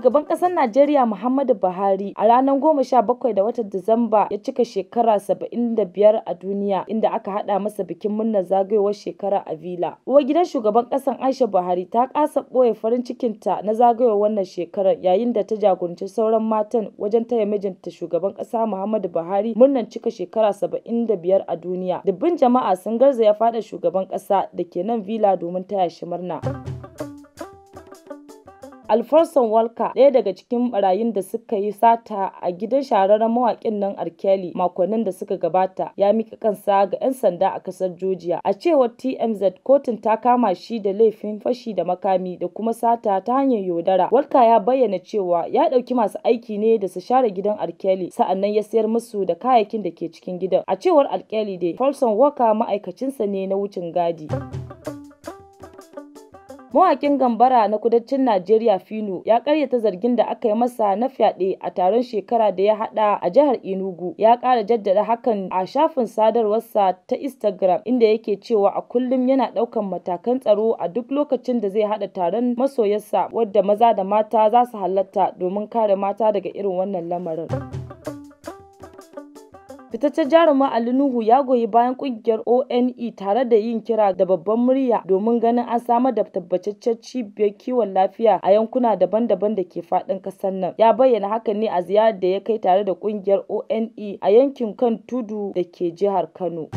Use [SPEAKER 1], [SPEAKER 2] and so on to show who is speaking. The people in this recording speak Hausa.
[SPEAKER 1] shugaban ƙasar Najeriya Muhammadu Buhari a ranar goma sha bakwai da watan Disamba ya cika shekara saba'in biyar a duniya inda aka haɗa masa bikin murnar zagayowar shekara a Vila. uwa gidan shugaban ƙasar Aisha Buhari ta kasa ɓoye farin cikinta na zagayowar wannan shekarar yayin da ta jagoranci sauran matan wajen taya mijinta shugaban ƙasa Muhammadu Buhari murnar cika shekara saba'in da biyar a duniya. Dubbin jama'a sun garza ya faɗa shugaban ƙasa da ke nan Vila domin taya shi murna. Alfonso Walker ɗaya daga cikin barayin da suka yi sata a gidan shahararren mawaƙin nan R. makonnin da suka gabata ya miƙa kansa ga 'yan sanda a ƙasar Georgia. A cewar TMZ kotun ta kama shi da laifin fashi da makami da kuma sata ta hanyar yaudara. Walker ya bayyana cewa ya ɗauki masu aiki ne da su share gidan R. sa'annan ya sayar musu da kayayyakin da ke cikin gidan. A cewar R. Kelly dai Folsom Walker ma'aikacinsa ne na wucin gadi. mawakin Gambara na kudancin Najeriya finu ya karyata zargin da aka yi masa na fyaɗe a taron shekara da ya haɗa a jihar Enugu. Ya ƙara jaddada hakan a shafin sadarwarsa ta Instagram inda yake cewa a kullum yana ɗaukan matakan tsaro a duk lokacin da zai haɗa taron masoyarsa wadda maza da mata za su halatta domin kare mata daga irin wannan lamarin. Fitaccen jarumi Ali Nuhu ya goyi bayan kungiyar ONE tare da yin kira da babban murya domin ganin an samar da tabbataccen cibiyar kiwon lafiya a yankuna daban-daban da ke faɗin ƙasar nan. Ya bayyana haka ne a ziyarar da ya kai tare da kungiyar ONE a yankin kan tudu da ke jihar Kano.